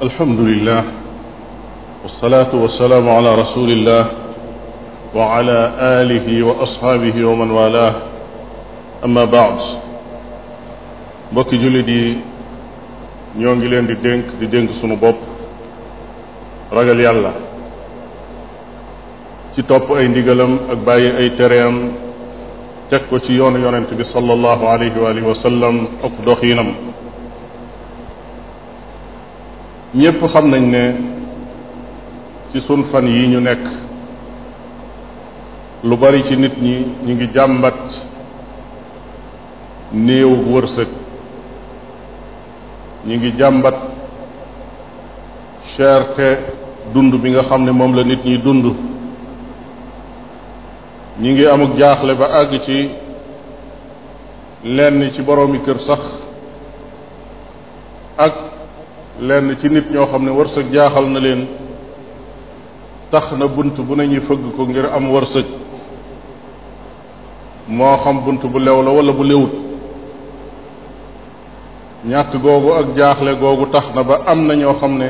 alhamdulilah walsalaatu walsalaamu ala rasulillah wa ala alihi wa ashaabihi wa man walah amma baad mbokki jullit yi ñoo ngi leen di dénk di dénk sunu bopp ragal yàlla ci topp ay ndigalam ak bàyyi ay tereem teg ko ci yoonu yonent bi sallallahu alayhi wa alihi wa sallam ak doxiinam ñépp xam nañ ne ci sun yi ñu nekk lu bari ci nit ñi ñu ngi jàmbat néew wërsëg ñu ngi jàmbat cherté dund bi nga xam ne moom la nit ñi dund ñu ngi amuk jaaxle ba àgg ci lenn ci boroomi kër sax ak lenn ci nit ñoo xam ne wërsëg jaaxal na leen tax na bunt bu nañuy fëgg ko ngir am wërsëg moo xam bunt bu lew la wala bu lewut ñàkk googu ak jaaxle googu tax na ba am na ñoo xam ne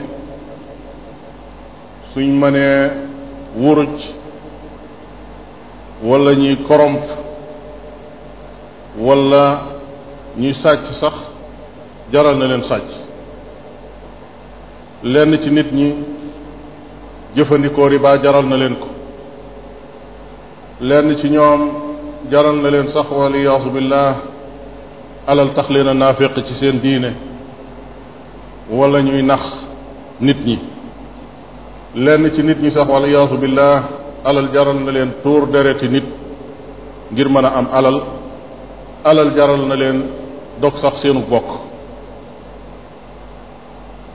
suñ mënee wuruj wala ñuy koromp wala ñuy sàcc sax jaral na leen sàcc lenn ci nit ñi jëfandikoo riba jaral na leen ko lenn ci ñoom jaral na leen sax waliyaasu billah alal tax leen a naafiq ci seen diine wala ñuy nax nit ñi lenn ci nit ñi sax waliyaasu billah alal jaral na leen tuur dereti nit ngir mën a am alal alal jaral na leen dog sax seenu bokk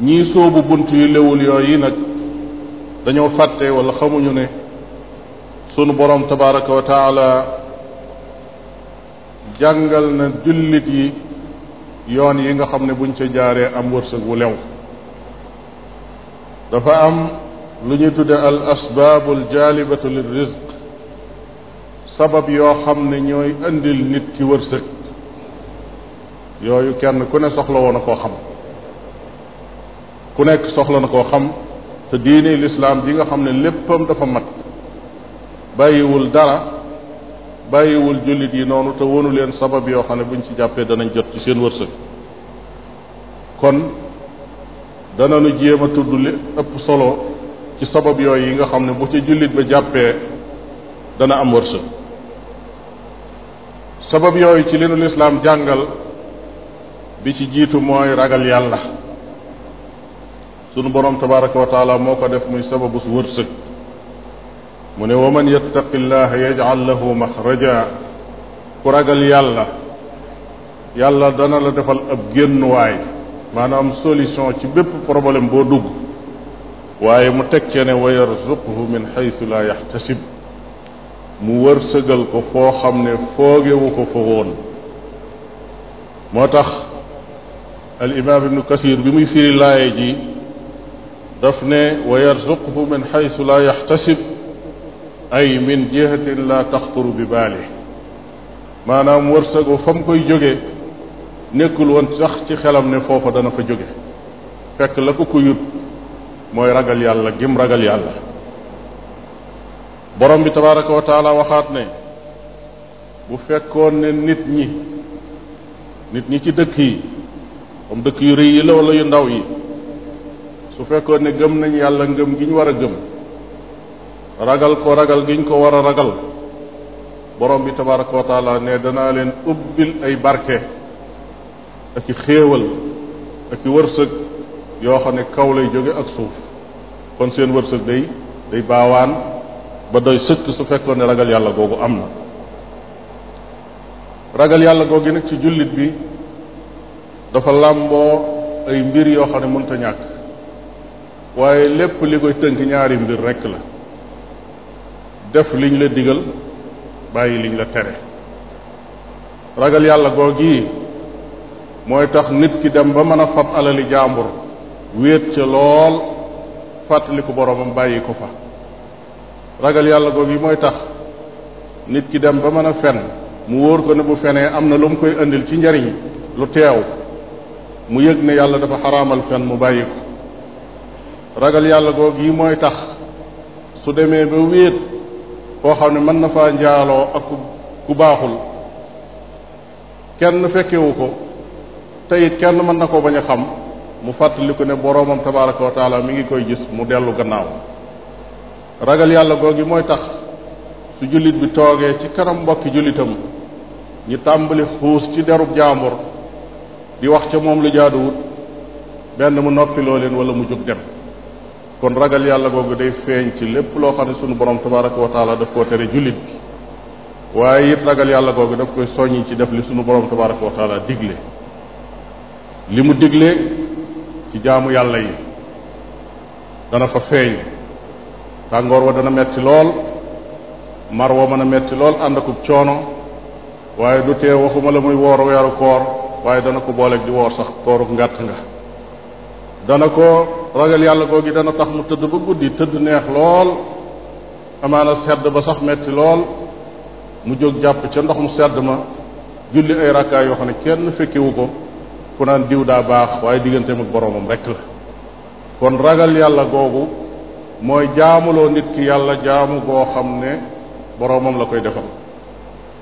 ñii soobu bunt yu lewul yooyu nag dañoo fàtte walla xamuñu ne sunu borom tabaraka wa jàngal na jullit yi yoon yi nga xam ne buñ ca jaaree am wërsëg wu lew dafa am lu ñuy tudde al asbaabu al jaalibatu lil rizq sabab yoo xam ne ñooy indil nit ki wërsëg yooyu kenn ku ne soxla woon a koo xam ku nekk soxla na koo xam te diine lislaam ji nga xam ne léppam dafa mat bàyyiwul dara bàyyiwul jullit yi noonu te wonu leen sabab yoo xam ne buñ ci jàppee danañ jot ci seen wërsëg kon danañu jéem a tudd li ëpp solo ci sabab yooyu yi nga xam ne bu ci jullit ba jàppee dana am wërsëg sabab yooyu ci li lislaam jàngal bi ci jiitu mooy ragal yàlla sunu borom tabaraka wa taala moo ko def muy sababu su wërsëg mu ne wa man yattaqi llaha yaj'al lahu maxraja ku ragal yàlla yàlla dana la defal ab génnuwaay maanaam solution ci bépp problème boo dugg waaye mu teg ce ne wa yarzuqhu min mu wërsëgal ko foo xam ne foogewu ko fa woon moo tax al imaam ibnu kasir bi muy firi laaye daf ne wa yarzuqhu min xaysu laa yaxtasib ay min jihatin laa taxturu bi baali maanaam wërsëgu fa koy jóge nekkul woon sax ci xelam ne foofa dana fa jóge fekk la ko ko yut mooy ragal yàlla gim ragal yàlla borom bi tabaraka wa taala waxaat ne bu fekkoon ne nit ñi nit ñi ci dëkk yi comme dëkk yu rëy yi la wala yu ndaw yi su fekkoon ne gëm nañ yàlla ngëm gi ñu war a gëm ragal ko ragal gi ñu ko war a ragal borom bi tabaraka wa taala ne danaa leen ubbil ay barke ak i xéewal ak i wërsëg yoo xam ne kaw lay jóge ak suuf kon seen wërsëg day day baawaan ba doy sëkk su fekkoon ne ragal yàlla googu am na ragal yàlla googu nag ci jullit bi dafa làmboo ay mbir yoo xam ne mënta ñàkk waaye lépp li koy tënk ñaari mbir rekk la def liñ la digal bàyyi liñ la tere ragal yàlla googi mooy tax nit ki dem ba mën a fab alali jaambur wéet ca lool fàttaliku boroomam bàyyi ko fa ragal yàlla googi mooy tax nit ki dem ba mën a fen mu wóor ko ne bu fenee am na lu mu koy indil ci njariñ lu teew mu yëg ne yàlla dafa xaraamal fen mu bàyyi ragal yàlla googu yi mooy tax su demee ba wéet koo xam ne mën na faa njaaloo ak ku baaxul kenn fekkewu ko te kenn mën na ko bañ a xam mu fàttali ko ne boroomam tabaraka wa taala mi ngi koy gis mu dellu gannaaw ragal yàlla googu mooy tax su jullit bi toogee ci kanam mbokki jullitam ñu tàmbali xuus ci derub jaambur di wax ca moom lu jaaduwut benn mu noppi leen wala mu jóg dem kon ragal yàlla googu day feeñ ci lépp loo xam ne sunu borom tabaraka wa taala daf koo tere jullit bi waaye it ragal yàlla googu daf koy soññi ci def li sunu borom tabaraka wa taala digle li mu digle ci jaamu yàlla yi dana fa feeñ tàngoor wa dana metti lool mar wa mën a metti lool àndaku akub coono waaye du tee waxuma la muy woor weeru koor waaye dana ko booleeg di woor sax kooruk ngàtt nga dana ko ragal yàlla yi dana tax mu tëdd ba guddi tëdd neex lool amaana sedd ba sax metti lool mu jóg jàpp ca ndox mu sedd ma julli ay rakkaay yoo xam ne kenn fekkiwu ko ku naan diw daa baax waaye digganteem ak boroomam rek la kon ragal yàlla googu mooy jaamuloo nit ki yàlla jaamu goo xam ne boroomam la koy defal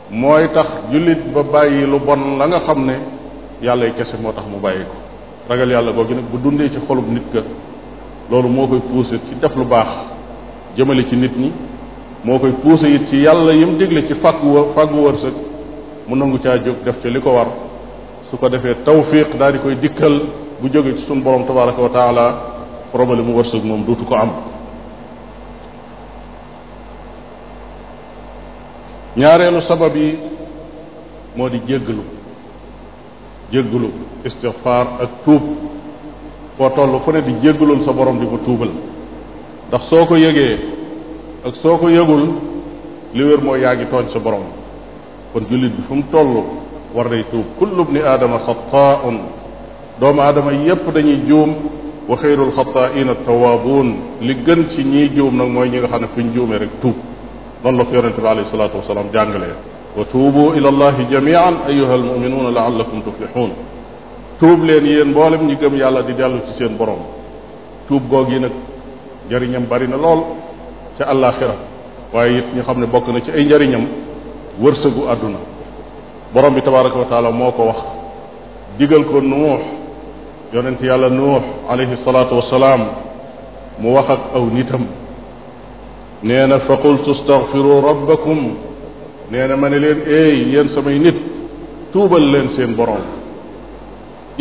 mooy tax jullit ba bàyyi lu bon la nga xam ne yàllay kese moo tax mu bàyyi ko ragal yàlla googu nag bu dundee ci xolub nit ka loolu moo koy poussé ci def lu baax jëmale ci nit ñi moo koy poussé it ci yàlla yim dégle ci fàggu fàggu wërsëg mu nangu caa jóg def ci li ko war su ko defee tawfiq daal di koy dikkal bu jóge ci sunu borom tabaraka wa taala problème mu wërsëg moom dootu ko am ñaareelu sabab yi moo di jéggalu jéggalu istigfaar ak tuub foo toll fu ne di jéggalul sa boroom di ko tuubal ndax soo ko yégee ak soo ko yëgul li wér mooy yaa ngi tooñ sa borom kon jullit bi fu mu toll war day tuub kullu bni aadama xataaun doomu aadama yépp dañuy juum wa xayrul xataaina tawaabuun li gën ci ñiy juum nag mooy ñi nga xam ne fu ñu juumee rek tuub noonu la ko yonente bi alayhi salaatu wasalaam jàngalee wa tuubu ila allahi jamian ayuha almuminuuna laallakum tuflixuun tuub leen yéen mboolem ñi gëm yàlla di dellu ci seen borom tuub goog yi nag njariñam bari na lool ca àllaaxira waaye it ñu xam ne bokk na ci ay njariñam wërsëgu àdduna borom bi tabaraka wa taala moo ko wax digal ko nuux yonent yàlla nuux alayhi salaatu wasalaam mu wax ak aw nitam nee na fa qultu astaghfiru rabbakum nee na ma ne leen eey yéen samay nit tuubal leen seen boroom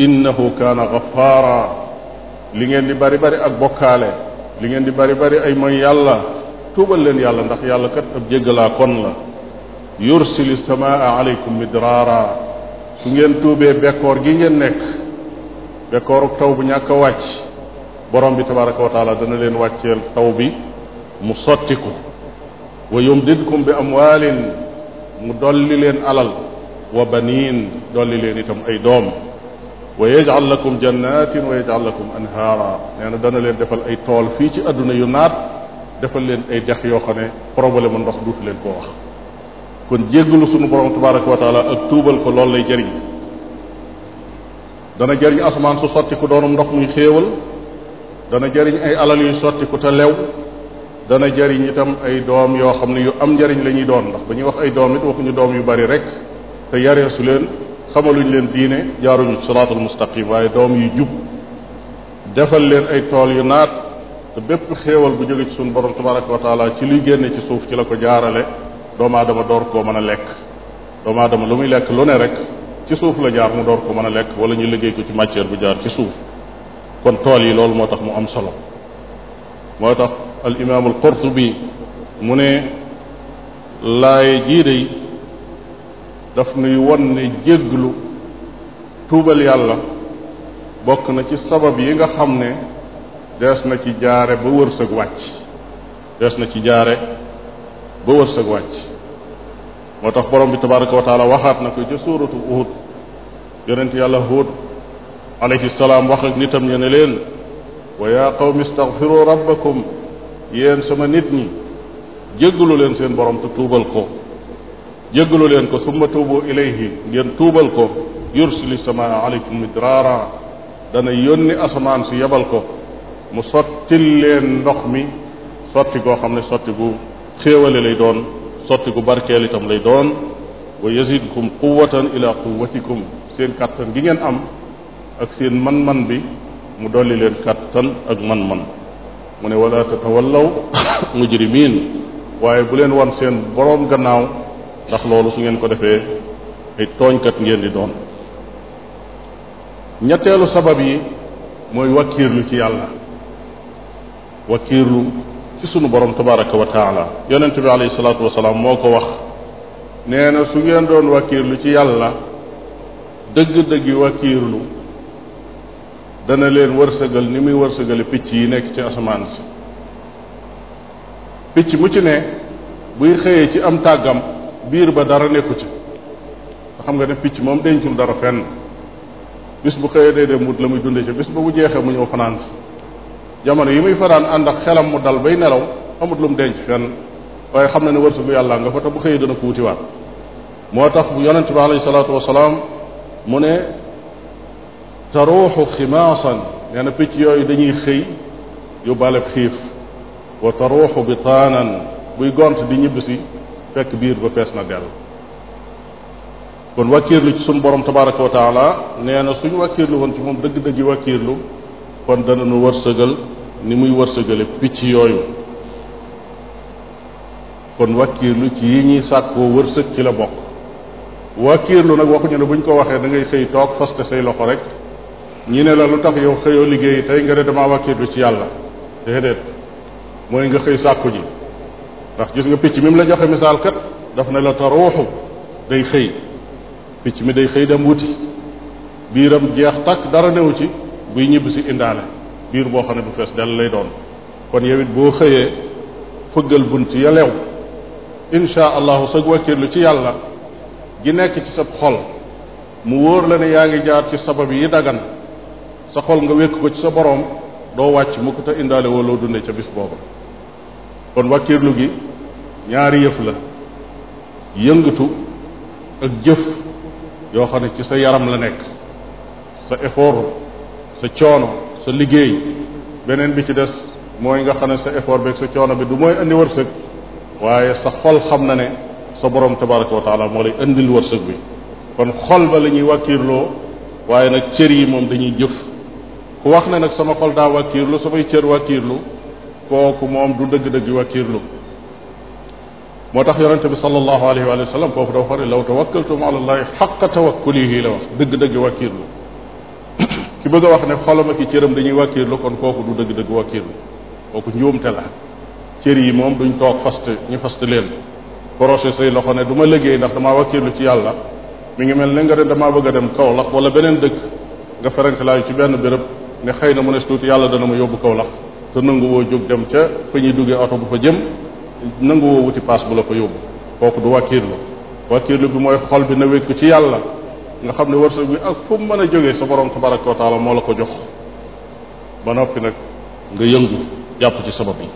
innahu kaana gafaara li ngeen di bari bari ak bokkaale li ngeen di bari bari ay mooy yàlla tuubal leen yàlla ndax yàlla kat ab jéggalaa kon la yursili samaa aleykum midraara su ngeen tuubee bekkoor gi ngeen nekk bekkooruk taw bu ñàkk wàcc borom bi tabaraka wa taala dana leen wàccee taw bi mu sotti wa yumdidkum bi amwaalin mu dolli leen alal wa baniin dolli leen itam ay doom wa yajal lakum jannatin wa yajal lakum anhaara nee na dana leen defal ay tool fii ci adduna yu naat defal leen ay dex yoo xam ne problème ndox duutu leen koo wax kon jéggalu sunu borom tabaraka wa taala ak tuubal ko loolu lay jariñ dana jëriñ asamaan su sotti doonum ndox muy xéewal dana jëriñ ay alal yu sotti ku lew dana jariñ itam ay doom yoo xam ne yu am njariñ la ñuy doon ndax ba ñuy wax ay doom it waxuñu doom yu bari rek te yareesu leen xamaluñ leen diine jaaruñu siraatul mustaqim waaye doom yu jub defal leen ay tool yu naat te bépp xéewal bu jóge ci suñu borom tabaraka wa taala ci luy génne ci suuf ci la ko jaarale doomu aadama door koo mën a lekk doomu aadama lu muy lekk lu ne rek ci suuf la jaar mu door koo mën a lekk wala ñu liggéey ko ci matière bu jaar ci suuf kon tool yi loolu moo tax mu am solo al imaam mu ne laay jii day daf nuy won ne jégglu tuubal yàlla bokk na ci sabab yi nga xam ne dees na ci jaare ba wërsëg wàcc dees na ci jaare ba wërsëg wàcc moo tax borom bi tabaraka wa taala waxaat na ko ca suuratu Uhud yonent yàlla Hud alayhi salaam wax ak nitam ñe ne leen wa yaa qawmi istaghfiru rabbakum yéen sama nit ñi jéggalu leen seen borom te tuubal ko jéggalu leen ko summa tuubu ilayhi ngeen tuubal ko yursili sama aleykum midraara dana yónni asamaan si yebal ko mu sottil leen ndox mi sotti goo xam ne sotti gu xéewale lay doon sotti gu barkeel itam lay doon wa yazidkum quwatan ila quwatikum seen kattan gi ngeen am ak seen man-man bi mu dolli leen kattan ak man-man mu ne wala tatawallaw mujrimin waaye bu leen wan seen boroom gannaaw ndax loolu su ngeen ko defee ay tooñkat ngeen di doon ñetteelu sabab yi mooy wakkiirlu ci yàlla wakkiirlu ci sunu borom tabaraka wa taala yonent bi alayhi salaatu wasalaam moo ko wax nee na su ngeen doon wakkiirlu ci yàlla dëgg-dëggi dëgg wakkiirlu dana leen wërsëgal ni muy wërsëgale picc yi nekk ci asamaan si picc mu ci ne buy xëyee ci am tàggam biir ba dara nekku ci nga xam nga ne picc moom dencul dara fenn bis bu xëyee day dem wut la muy dunde ci bis ba bu jeexee mu ñëw fanaan si jamono yi muy fanaan ànd ak xelam mu dal bay nelaw amut lu mu denc fenn waaye xam na ne wërsëgu yàllaa nga fa te bu xëyee dana ko wutiwaat moo tax bu bi alayhi salaatu wasalaam mu ne taruuxu ximaasan nee picc yooyu dañuy xëy yóbbaale xiif wa taruuxu bitaanan buy gont di ñibbisi fekk biir ba fees na dell kon wàkkiirlu ci sunu borom tabaraka wa taala nee na suñ wàkkiirlu woon ci moom dëgg-dëgg yi kon dana nu wërsëgal ni muy wërsëgale picc yooyu kon wàkkiirlu ci yi ñuy sàkkoo wërsëg ci la bokk wàkkiirlu nag waxuñu bu ñu ko waxee da ngay xëy toog faste say loxo rek ñu ne la lu tax yow xëyoo liggéeyi tey nga ne damaa wàkkiirlu ci yàlla déedéet mooy nga xëy sàkku ji ndax gis nga picc mi mu la joxe misaal kat daf ne la te ruuxu day xëy picc mi day xëy dem wuti biiram jeex takk dara newu ci buy ñibb si indaale biir boo xam ne bu fees dell lay doon kon yow boo xëyee fëggal bunt ya leew insha allahu sag wàkkiirlu ci yàlla gi nekk ci sa xol mu wóor la ne yaa ngi jaar ci sabab yi dagan sa xol nga wékk ko ci sa boroom doo wàcc mu ko te indaale woo loo dunde ca bis booba kon wàkkiirlu gi ñaari yëf la yëngatu ak jëf yoo xam ne ci sa yaram la nekk sa effort sa coono sa liggéey beneen bi ci des mooy nga xam ne sa effort beeg sa coono bi du mooy indi wërsëg waaye sa xol xam na ne sa borom tabaraka wa moo lay indil wërsëg bi kon xol ba la ñuy waaye nag cër yi moom dañuy jëf ku wax ne nag sama xol daa wàkkiirlu samay cër wàkkiirlu kooku moom du dëgg-dëgg wàkkiirlu moo tax yonente bi sallallahu alayhi wa sallam foofu dafa wax ne law tawakkaltum ala allahi xaqa tawakkulihi la wax dëgg-dëgg wàkkiirlu ki bëgg a wax ne xolam ak i cëram dañuy wàkkiirlu kon kooku du dëgg-dëgg wàkkiirlu kooku njuumte la cër yi moom duñ toog fast ñu fast leen projet say loxo ne du ma liggéey ndax damaa wàkkiirlu ci yàlla mu ngi mel ne nga ne damaa bëgg a dem Kaolack wala beneen dëkk nga ferenk laay ci benn béréb ne xëy na mu ne tuuti yàlla dana ma yóbbu kaw la te nanguwoo jóg dem ca fa ñuy duggee oto bu fa jëm nanguwoo wuti paas bu la fa yóbbu kooku du wakiirlu wakiirlu bi mooy xol bi na wékku ci yàlla nga xam ne wërsëg bi ak fu mën a jógee sa borom tabaraka wa taala moo la ko jox ba noppi nag nga yëngu jàpp ci sabab yi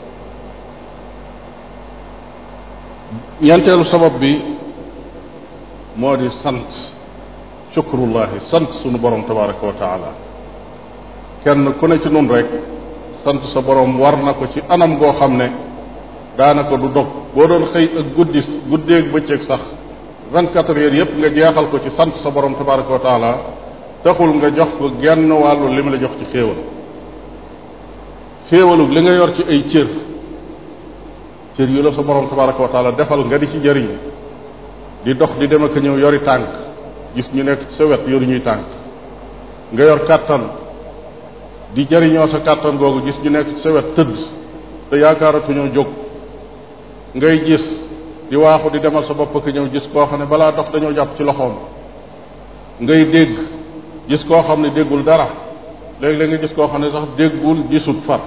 ñeenteelu sabab bi moo di sant shukrullahi sant sunu borom tabaraka wa taala kenn ku ne ci nun rek sant sa boroom war na ko ci anam boo xam ne daanaka du dog boo doon xëy ak guddi guddeeg bëccëg sax vingt quatre yëpp nga jeexal ko ci sant sa borom tabaraka wa taala taxul nga jox ko genn wàllu li mu la jox ci xéewal xéewalug li nga yor ci ay cër cër yu la sa borom tabaraka wa taala defal nga di ci jëriñ di dox di dem ak ñëw yori tànk gis ñu nekk ci sa wet yoru ñuy tànk nga yor kàttan di jariñoo sa kàttan googu gis ñu nekk ci sa wet tëdd te yaakaaratuñoo jóg ngay gis di waaxu di demal sa bopp ak ñëw gis koo xam ne balaa dox dañoo jàpp ci loxoom ngay dégg gis koo xam ne déggul dara léegi léeg nga gis koo xam ne sax déggul gisut far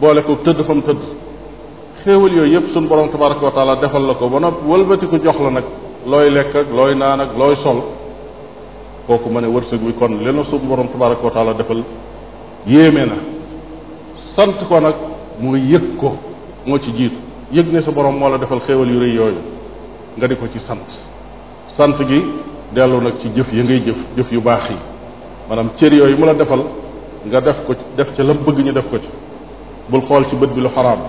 boole ko tëdd fa mu tëdd xéewal yooyu yëpp suñ borom tabaraka wa taala defal la ko ba noppi wëlbati ko jox la nag looy lekk looy naan ak looy sol kooku ma ne wërsëg wi kon li na suñ borom tabaraka wa taala defal yéeme na sant ko nag mooy yëg ko moo ci jiitu yëg ne sa boroom moo la defal xéewal yu rëy yooyu nga di ko ci sant sant gi dellu nag ci jëf ya ngay jëf jëf yu baax yi maanaam cër yooyu mu la defal nga def ko def ca lam bëgg ñu def ko ci bul xool ci bët bi lu xaraam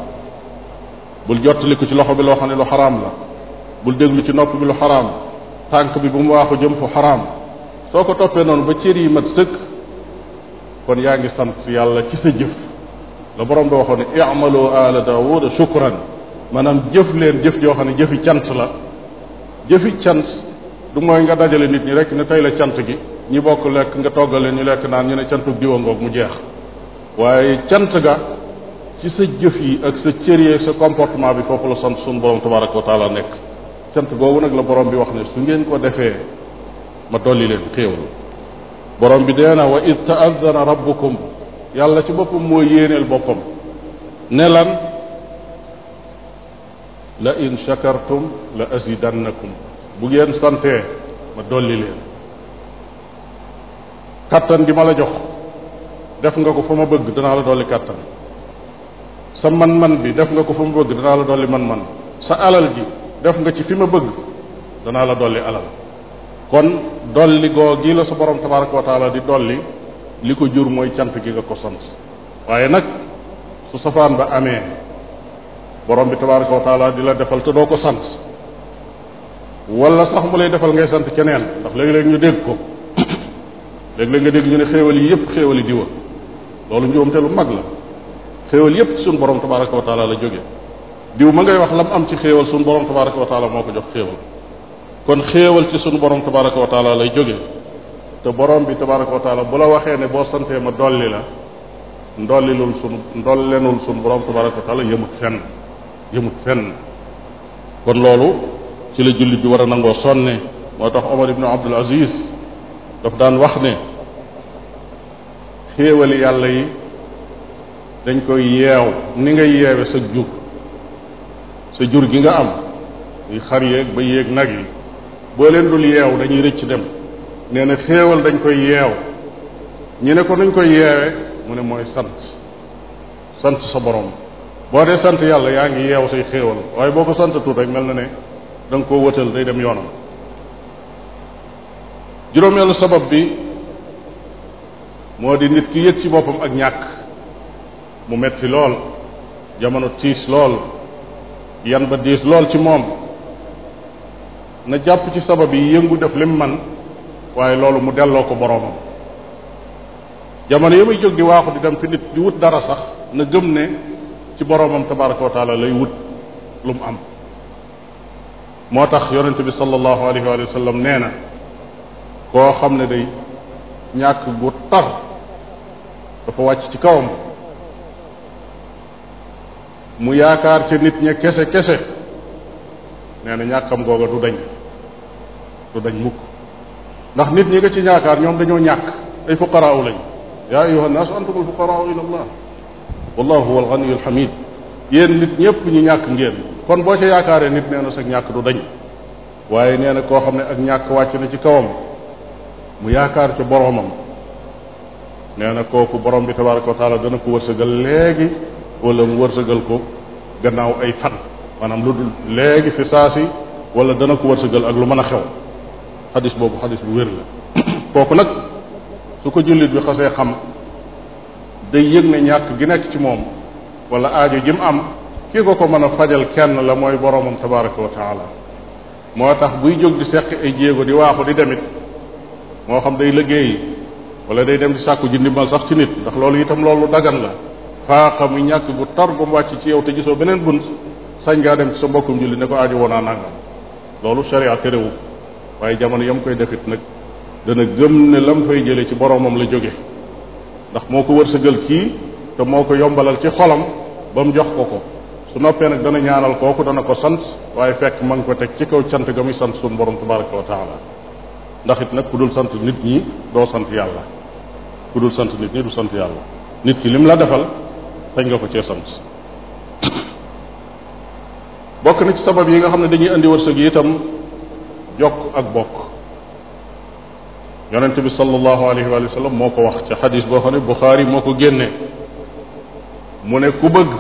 bul jottali ko ci loxo bi loo xam ne lu xaraam la bul déglu ci nopp bi lu xaraam tànk bi bu mu waaxu jëm fu xaraam soo ko toppee noonu ba cër yi mat sëkk kon yaa ngi sant yàlla ci sa jëf la borom bi waxoon ne i'malu ala daawuda shukran maanaam jëf leen jëf joo xam ne jëfi cant la jëfi cant du mooy nga dajale nit ñi rek ne tey la cant gi ñi bokk lekk nga toggal leen ñu lekk naan ñu ne cantu diwa ngoog mu jeex waaye cant ga ci sa jëf yi ak sa cër yi ak sa comportement bi foofu la sant sunu borom tabaraka wa taala nekk cant googu nag la borom bi wax ne su ngeen ko defee ma dolli leen xéewal borom bi dee na wa id taadana rabbukum yàlla ci boppam moo yéeneel boppam ne lan la in shakartum la azidannakum bu ngeen santee ma dolli leen kattan gi ma la jox def nga ko fa ma bëgg danaa la dolli kattan sa man-man bi def nga ko fa ma bëgg danaa la dolli man-man sa alal ji def nga ci fi ma bëgg danaa la dolli alal kon dolli goo gi la sa borom tabaraka wa taala di dolli li ko jur mooy cant gi nga ko sant waaye nag su safaan ba amee borom bi tabaraka wa di la defal te doo ko sant wala sax mu lay defal ngay sant keneen ndax léegi léeg ñu dégg ko léeg-léeg nga dégg ñu ne xéewal yi yépp xéewali diwa loolu njuumte lu mag la xéewal yëpp sun borom tabaraka wa taala la jóge diw ma ngay wax lam am ci xéewal suñu borom tabaraka wa moo ko jox xéewal kon xéewal ci sunu borom tabaraka wa taala lay jóge te borom bi tabaraka wa taala bu la waxee ne boo santee ma dolli la ndollilul sunu ndollenul sunu borom tabaraka wa taala yëmut fenn yëmut fen kon loolu ci la jullit bi war a nangoo sonne moo tax Omar ibnu Abdul Aziz daf daan wax ne xéewali yàlla yi dañ koy yeew ni nga yeewe sa jur sa jur gi nga am muy xar yéeg ba yéeg nag yi boo leen dul yeew dañuy rëcc dem nee na xéewal dañ koy yeew ñu ne ko nuñ koy yeewee mu ne mooy sant sant sa borom boo dee sant yàlla yaa ngi yeew say xéewal waaye boo ko santatul rek mel na ne danga koo wëtal day dem yoonam juróomeelu sabab bi moo di nit ki yëg ci boppam ak ñàkk mu metti lool jamono tiis lool yan ba diis lool ci moom na jàpp ci sabab yi yëngu def lim man waaye loolu mu delloo ko boroomam jamono yi may jóg di waaxu di dem fi nit di wut dara sax na gëm ne ci boroomam tabaraka wa lay wut lu mu am moo tax yonente bi sallallahu alayhi wa sallam nee na koo xam ne day ñàkk gu tar dafa wàcc ci kawam mu yaakaar ci nit ña kese kese nee na ñàkkam googa du dañ du dañ mukk ndax nit ñi nga ci yaakaar ñoom dañoo ñàkk ay fuqaraaw lañ yaa ayuha nnaas antum alfuqaraaw ila allah wallahu huwa alganiyu alhamid yéen nit ñëpp ñu ñàkk ngeen kon boo ci yaakaaree nit nee na sa ñàkk du dañ waaye nee na koo xam ne ak ñàkk wàcc na ci kawam mu yaakaar ci boroomam nee na kooku boroom bi tabaraka wa taala dana ko wërsëgal léegi wala mu wërsëgal ko gannaaw ay fan maanaam lu léegi fi saasi wala dana ko wërsëgal ak lu mën a xew xadis boobu xadis bu wér la kooku nag su ko jullit bi xasee xam day yëg ne ñàkk gi nekk ci moom wala aajo jim am kii ko ko mën a fajal kenn la mooy boromam tabaraka wa taala moo tax buy jóg di seq ay jéego di waaxu di demit moo xam day liggéey walla day dem di sàkku ji ba sax ci nit ndax loolu itam loolu daggan la faaxa mu ñàkk bu tar bu mu wàcc ci yow te gisoo beneen bunt sañ ngaa dem ci sa mbokkum julli ne ko aajo woonaa nangam loolu s terewu waaye jamono yam koy defit nag dana gëm ne lam fay jële ci boroomam la jóge ndax moo ko wërsëgal kii te moo ko yombalal ci xolam ba mu jox ko ko su noppee nag dana ñaanal kooku dana ko sant waaye fekk ma ngi ko teg ci kaw cant ga muy sant suñu borom tabaraka wa taala ndax it nag ku dul sant nit ñi doo sant yàlla ku dul sant nit ñi du sant yàlla nit ki lim la defal sañ nga ko cee sant bokk na ci sabab yi nga xam ne dañuy andi wërsëg yi itam yokk ak bokk yonente bi sallallahu alayhi wa sallam moo ko wax ca xadis boo xam ne Buxaari moo ko génne mu ne ku bëgg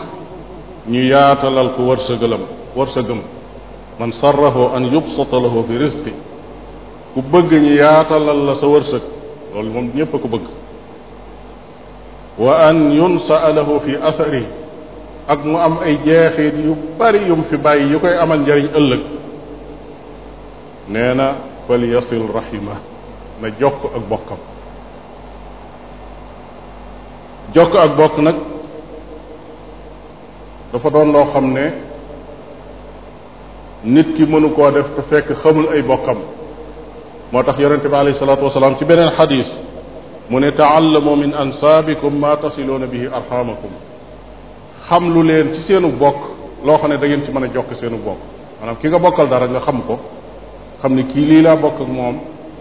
ñu yaatalal ko wërsëgalam wërsëgam man sarrahu an yubsata lahu fi rizqi ku bëgg ñu yaatalal la sa wërsëg loolu moom ñépp a ko bëgg wa an yunsaa lahu fi athari ak mu am ay jeexit yu bari yum fi bàyyi yu koy amal njariñ ëllëg nee na fal yasil rahima na jokk ak bokkam jokk ak bokk nag dafa doon loo xam ne nit ki mënu koo def te fekk xamul ay bokkam moo tax yonente bi alayhi salaatu wasalaam ci beneen xadis mu ne taallamu min ansaabikum ma tasiluuna bihi arxamakum xam lu leen ci seenu bokk loo xam ne da ngeen ci mën a jokk seenu bokk maanaam ki nga bokkal dara nga xam ko xam ne kii lii laa bokk ak moom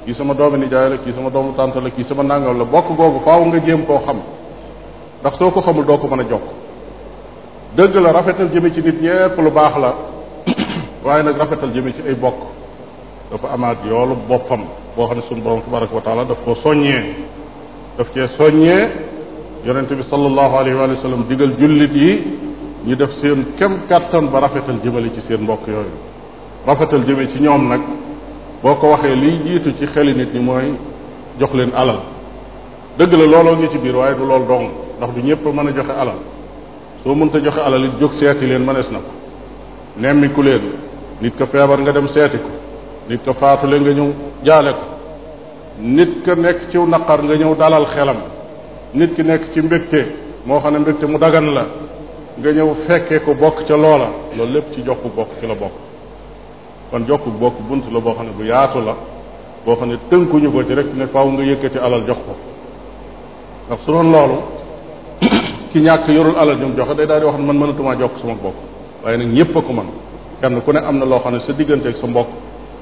kii sama doomu nijaay la kii sama doomu tànt la kii sama nangam la bokk googu faaw nga jéem koo xam ndax soo ko xamul doo ko mën a jokk dëgg la rafetal jëme ci nit ñépp lu baax la waaye nag rafetal jëme ci ay bokk dafa amaat yoolu boppam boo xam ne suñu borom tabaraka wa taala daf ko soññee daf cee soññee yonent bi sallallahu alayhi wa sallam digal jullit yi ñu def seen kem kàttan ba rafetal jëmale ci seen mbokk yooyu rafetal ci ñoom nag boo ko waxee liy jiitu ci xeli nit ñi mooy jox leen alal dëgg la looloo ngi ci biir waaye du lool dong ndax du ñëpp mën a joxe alal soo mënta joxe alal it jóg seeti leen mënees na ko nemmiku leen nit ka feebar nga dem seeti ko nit ka faatule nga ñëw jaale ko nit ka nekk ci naqar nga ñëw dalal xelam nit ki nekk ci mbégte moo xam ne mbégte mu dagan la nga ñëw fekkee ko bokk ca loola loolu lépp ci jox ku bokk ci la bokk kon jokk bokk bunt la boo xam ne bu yaatu la boo xam ne tënkuñu ko ci rek ne faaw nga yëkkati alal jox ko ndax su doon loolu ki ñàkk yorul alal jum joxe day daal di wax ne man mënatumaa jokk sama bokk waaye nag ñëpp a ko mën kenn ku ne am na loo xam ne sa diggante ak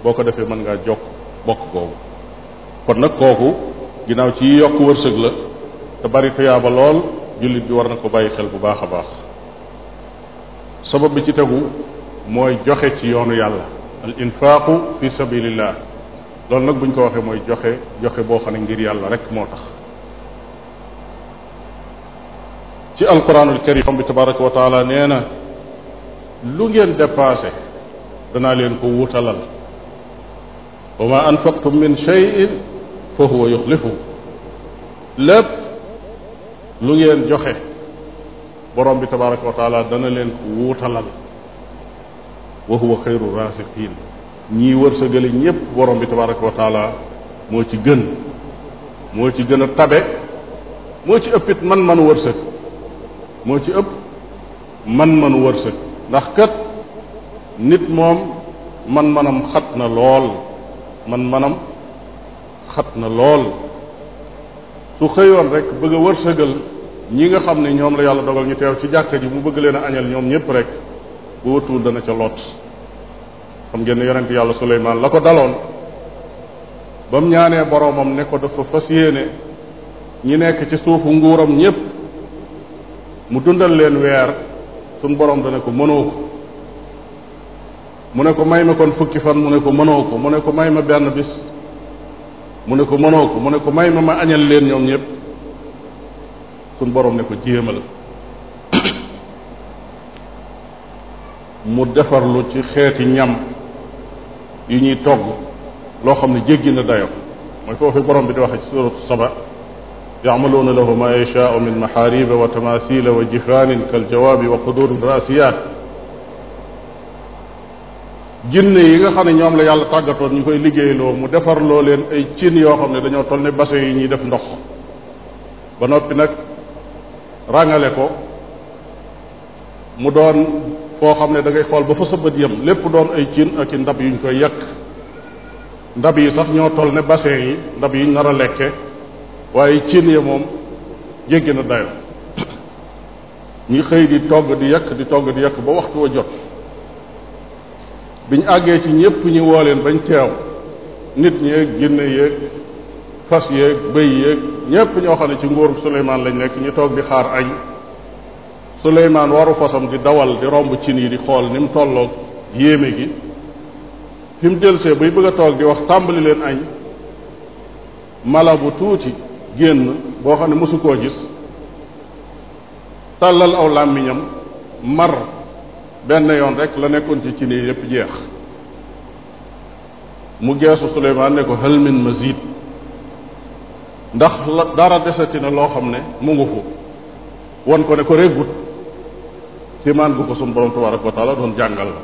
boo ko defee mën ngaa jokk bokk googu kon nag kooku ginnaaw ci yokk wërsëg la te bari tuyaaba lool jullit bi war na ko bàyyi xel bu baax a baax sabab bi ci tegu mooy joxe ci yoonu yàlla al infaaqu fi sabilillah loolu nag bu ñu ko waxe mooy joxe joxe boo xam ngir yàlla rek moo tax ci alquranul karim bi tabaraka wa taala na lu ngeen dépassé danaa leen ko wutalal wa ma anfaqtum min cheyin fa huwa yuxlifuhu lépp lu ngeen joxe borom bi tabaraka wa taala dana leen ko wuutalal wa huwa xayru raasiqiin ñii wërsëgale ñépp borom bi tabaraka wa taala moo ci gën moo ci gën a tabe moo ci ëpp it man manu wërsëg moo ci ëpp man manu wërsëg ndax kat nit moom man manam xat na lool man manam xat na lool su xëyoon rek bëgg a wërsëgal ñi nga xam ne ñoom la yàlla dogal ñu teew ci jàkka ji mu bëgg leen a añal ñoom ñépp rek bu wëtuwul dana ca lot xam ngeen ne yonent yàlla Suleymaan la ko daloon ba mu ñaanee boroomam ne ko dafa fas yéene ñi nekk ci suufu nguuram ñépp mu dundal leen weer suñ boroom dana ko mënoo ko mu ne ko may ma kon fukki fan mu ne ko mënoo ko mu ne ko may ma benn bis mu ne ko mënoo ko mu ne ko may ma ma añal leen ñoom ñépp suñ boroom ne ko jéemal mu defarlu ci xeeti ñam yu ñuy togg loo xam ne jéggi na dayo mooy foofu borom bi di waxe ci suratu saba yaamaluuna lahu ma yashaau min maxaariba wa tamasila wa jifaanin kaljawaabi wa qudurin raasiyaat jinne yi nga xam ne ñoom la yàlla tàggatoon ñu koy liggéeyloo mu defarloo leen ay cin yoo xam ne dañoo toll ne bassin yi ñuy def ndox ba noppi nag ràngale ko mu doon koo xam ne dangay xool ba fa sa bët yem lépp doon ay cin ak i ndab yuñ koy yàq ndab yi sax ñoo toll ne bassin yi ndab yi nar a lekke waaye cin ya moom jéggi na dayo ñu xëy di togg di yàq di togg di yàq ba waxtu wa jot biñ àggee ci ñépp ñu woo leen bañ teew nit ñeeg ginne yéeg fas yéeg bëy yéeg ñépp ñoo xam ne ci nguur Suleymaan lañ nekk ñu toog di xaar añ Suleymaan waru fasam di dawal di romb cin yi di xool ni mu tolloog yéeme gi fi mu delsee buy bëgg a toog di wax tàmbali leen añ mala bu tuuti génn boo xam ne mosu koo gis tàllal aw làmmiñam mar benn yoon rek la nekkoon ci cin yi yépp jeex mu geesu Suleymaan ne ko hal min mazid ndax dara desati na loo xam ne mu ngu fu won ko ne ko réggut kéemaan gu ko sunu borom tabaraka wa doon jàngal la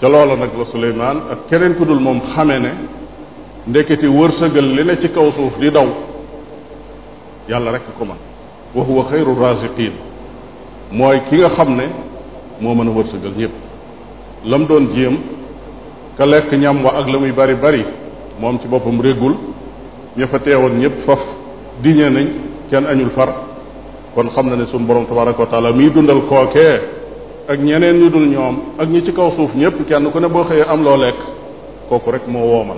ca nag la Suleymaan ak keneen ku dul moom xame ne ndeketi wërsëgal li ne ci kaw suuf di daw yàlla rek ko man wa huwa xayru raziqin mooy ki nga xam ne moo mën a wërsëgal ñëpp lam doon jéem ka lekk ñam wa ak la muy bari bari moom ci boppam réggul ña fa teewoon ñëpp faf diñe nañ kenn añul far kon xam na ne sunu borom tabaraka wa taala miy dundal kookee ak ñeneen ñu dul ñoom ak ñi ci kaw suuf ñëpp kenn ku ne boo xëyee am loo lekk kooku rek moo woomal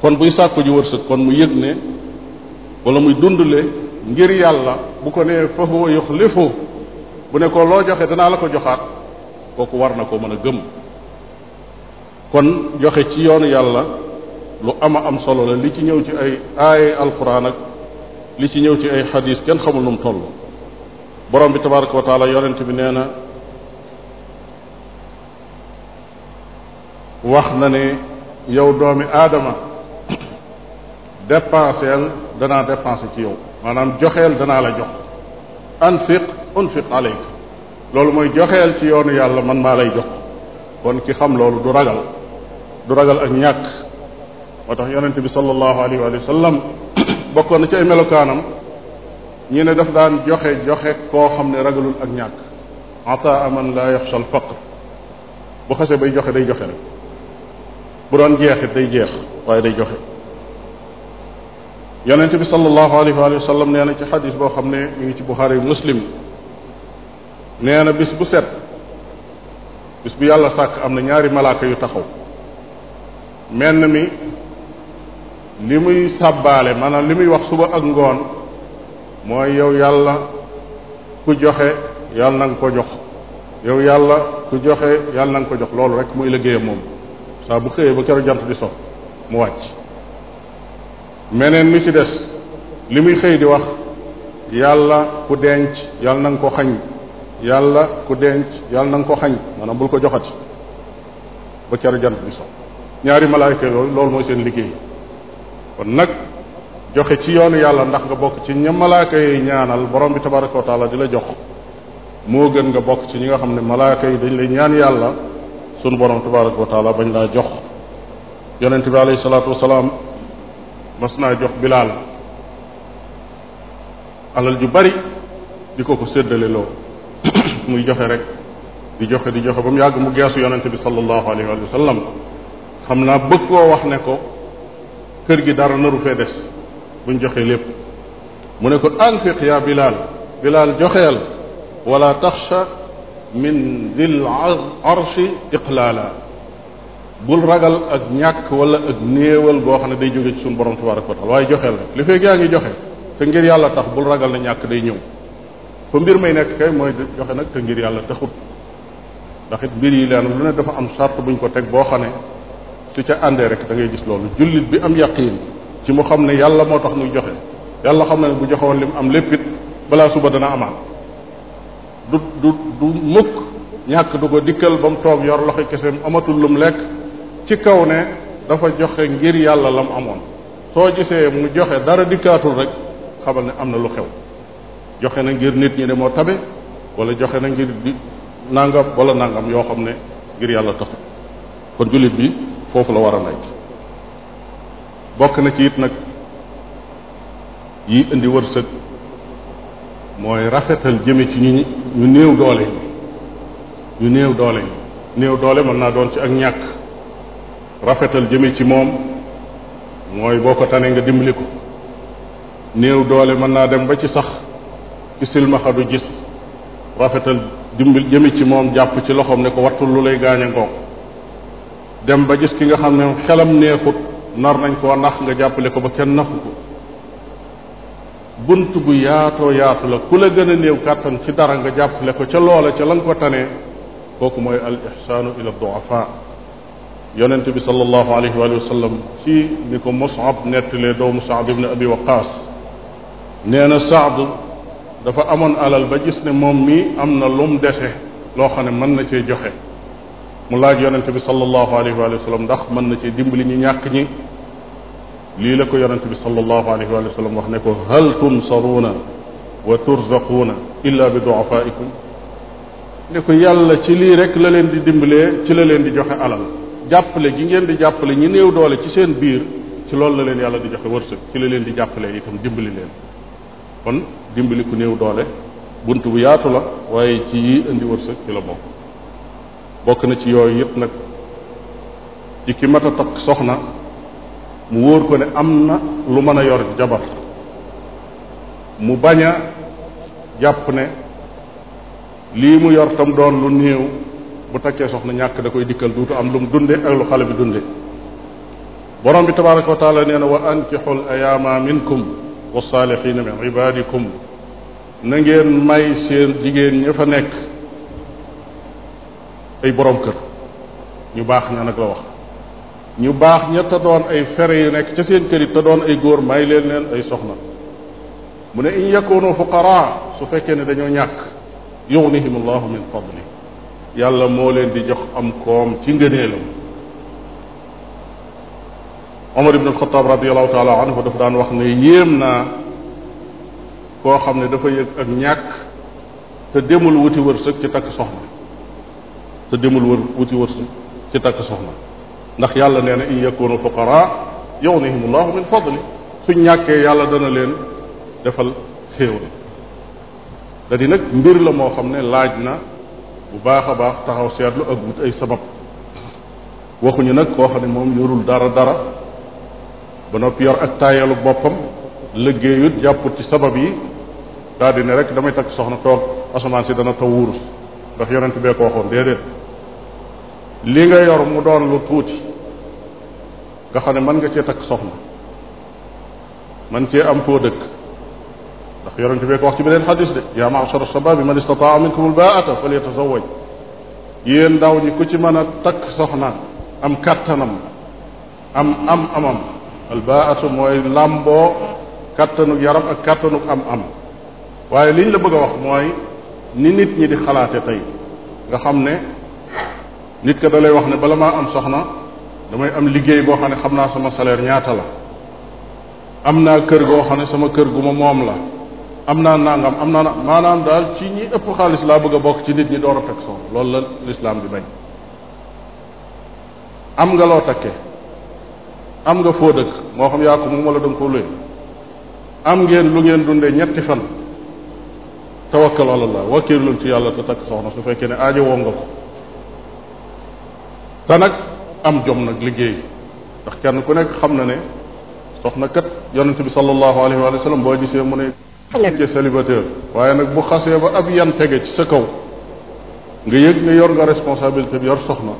kon buy sàkku ji wërsëg kon mu yëg ne wala muy dundale ngir yàlla bu ko nee fa huwa yuxlifu bu ne loo joxe danaa la ko joxaat kooku war na koo mën a gëm kon joxe ci yoonu yàlla lu ama am solo la li ci ñëw ci ay aaye alquran ak li ci ñëw ci ay xadis kenn xamul nu mu borom bi tabaraka wa taala yonent bi nee na wax na ne yow doomi aadama dépenseel danaa dépensé ci yow maanaam joxeel danaa la jox anfiq unfiq aleyk loolu mooy joxeel ci yoonu yàlla man maa lay jox kon ki xam loolu du ragal du ragal ak ñàkk moo tax yonente bi sallallahu alayhi wa bokkoon na ci ay melokaanam ñu ne daf daan joxe joxe koo xam ne ragalul ak ñàkk ataa man laa yaxsha al faqr bu xase bay joxe day joxe rek bu doon jeexit day jeex waaye day joxe yonente bi sallallahu alayhi wa sallam nee na ci xadis boo xam ne ñu ngi ci buxaari muslim nee na bis bu set bis bu yàlla sàkk am na ñaari malaaka yu taxaw menn mi li muy sàbbaale maanaam li muy wax suba ak ngoon mooy yow yàlla ku joxe yàlla na nga ko jox yow yàlla ku joxe yàlla na nga ko jox loolu rek muy liggéeyam moom saa bu xëyee ba keroog jant bi so mu wàcc meneen mi ci des li muy xëy di wax yàlla ku denc yàlla na nga ko xañ yàlla ku denc yàlla na nga ko xañ maanaam bul ko joxati ba keroog jant bi so ñaari malaayka yooyu loolu mooy seen liggéey kon nag joxe ci yoonu yàlla ndax nga bokk ci ña malaaka yi ñaanal borom bi tabaraka wa di la jox moo gën nga bokk ci ñi nga xam ne malaaka yi dañ lay ñaan yàlla sunu borom tabaraka wa bañ laa jox yonente bi alayhi salaatu wasalaam mas naa jox bilaal alal ju bari di ko ko séddale muy joxe rek di joxe di joxe ba mu yàgg mu geesu yonente bi sallallahu alayhi wa xam naa bëgg koo wax ne ko kër gi dara naru fee des buñ joxee lépp mu ne ko anfiq yaa bilaal bilaal joxeel wala taxsha min dil arshi iqlaala bul ragal ak ñàkk wala ak néewal boo xam ne day jóge ci suñu borom tabaraka wa taala waaye joxeel li feeg yaa ngi joxe te ngir yàlla tax bul ragal na ñàkk day ñëw fa mbir may nekk kay mooy joxe nag te ngir yàlla taxut ndaxit it mbir yi leen lu ne dafa am sart buñ ko teg boo xam ne su ca àndee rek da gis loolu jullit bi am yaqiin ci mu xam ne yàlla moo tax muy joxe yàlla xam na ne bu joxe woon li mu am lépp balaa suba dana amaat du du du mukk ñàkk du ko dikkal ba mu toog yor loxo keseem amatul lu mu lekk ci kaw ne dafa joxe ngir yàlla la mu amoon soo gisee mu joxe dara dikkaatul rek xamal ne am na lu xew joxe na ngir nit ñi ne moo tabe wala joxe na ngir di nangam wala nangam yoo xam ne ngir yàlla taxut kon jullit bi foofu la war a nekk bokk na ci it nag yi indi wërsëg mooy rafetal jëme ci ñu ñu néew doole ñu néew doole néew doole mën naa doon ci ak ñàkk rafetal jëme ci moom mooy boo ko tanee nga dimbali ko néew doole mën naa dem ba ci sax ci silmaxa du gis rafetal dimbil jëme ci moom jàpp ci loxoom ne ko wattul lu lay gaañ a dem ba gis ki nga xam ne xelam neexut nar nañ koo nax nga jàppale ko ba kenn naxu ko bunt bu yaatoo yaatu la ku la gën a néew kàttan ci dara nga jàppale ko ca loola ca la nga ko tanee kooku mooy al ixsaanu ila duafa yonente bi sallallahu alayhi wa sallam ci ni ko Mus'ab nettalee doomu Saad ibn Abi Waqaas nee na Saad dafa amoon alal ba gis ne moom mii am na lum dese loo xam ne mën na cee joxe mu laaj yonente bi sallallahu alayhi wa sallam ndax mën na ci dimbali ñu ñàkk ñi lii la ko yonente bi sallallahu alayhi wa sallam wax ne ko hal tunsaruuna wa turzaquuna illa bi duafaikum ne ko yàlla ci lii rek la leen di dimbalee ci la leen di joxe alal jàppale gi ngeen di jàppale ñi néew doole ci seen biir ci loolu la leen yàlla di joxe wërsëg ci la leen di jàppale itam dimbali leen kon dimbali ku néew doole bunt bu yaatu la waaye ci yi indi wërsëg ci la bokk bokk na ci yooyu yëpp nag ci ki mat a takk soxna mu wóor ko ne am na lu mën a yor jabar mu bañ a jàpp ne lii mu yor tam doon lu néew bu takkee soxna ñàkk da koy dikkal duutu am lu mu dunde ak lu xale bi dunde borom bi tabaraka wa nee na wa ankixul ayaama minkum wa saalixina min ibadikum may seen jigéen ña fa nekk ay boroom kër ñu baax na nag la wax ñu baax ñett te doon ay fere yu nekk ca seen kër te doon ay góor may leen leen ay soxna mu ne in yakunu fuqara su fekkee ne dañoo ñàkk yughnihim allahu min fadli yàlla moo leen di jox am koom ci ngëneelam omar ibn alxataab radiallahu dafa daan wax ne yéem naa koo xam ne dafa yëg ak ñàkk te demul wuti wërsëg ci takk soxna te demul wër wuti wërsëg ci takk soxna ndax yàlla nee na in yakunu fuqaraa yugnihim allahu min fadli su ñàkkee yàlla dana leen defal xéewal da di nag mbir la moo xam ne laaj na bu baax a baax taxaw seetlu ak wut ay sabab waxuñu nag koo xam ne moom yorul dara dara ba noppi yor ak taayalu boppam liggéeyut jàpput ci sabab yi daal di rek damay takk soxna toog asamaan si dana taw wurus ndax yonent bee ko waxoon déedéet li nga yor mu doon lu tuuti nga xam ne mën nga cee takk soxna man cee am foo dëkk ndax yonent bee ko wax ci beneen xadis de yaa ma'shara shabaab man istataa minkum al-baa'ata falyatazawwaj yéen ndaw ñi ku ci mën a takk soxna am kattanam am am amam albaatu mooy làmboo kattanuk yaram ak kattanuk am am waaye liñ la bëgg a wax mooy ni nit ñi di xalaate tey nga xam ne nit ka da lay wax ne bala maa am soxna damay am liggéey boo xam ne xam naa sama salaire ñaata la am naa kër goo xam ne sama kër gu ma moom la am naa nangam am naa maanaam daal ci ñi ëpp xaalis laa bëgg a bokk ci nit ñi door a takk soxna loolu la lislaam di bañ am nga loo takke am nga foo dëkk moo xam yaa ko moom wala da nga luy am ngeen lu ngeen dunde ñetti fan tawakkal ala allah wakkilul ci yàlla te takk soxna su fekkee ne aajo woo nga ko te nag am jom nag liggéey ndax kenn ku nekk xam na ne soxna kat yonente bi sallallahu alayhi wa sallam boo gisee mu ne nekkee célibataire waaye nag bu xasee ba ab yan tege ci sa kaw nga yëg ne yor nga responsabilité bi yor soxna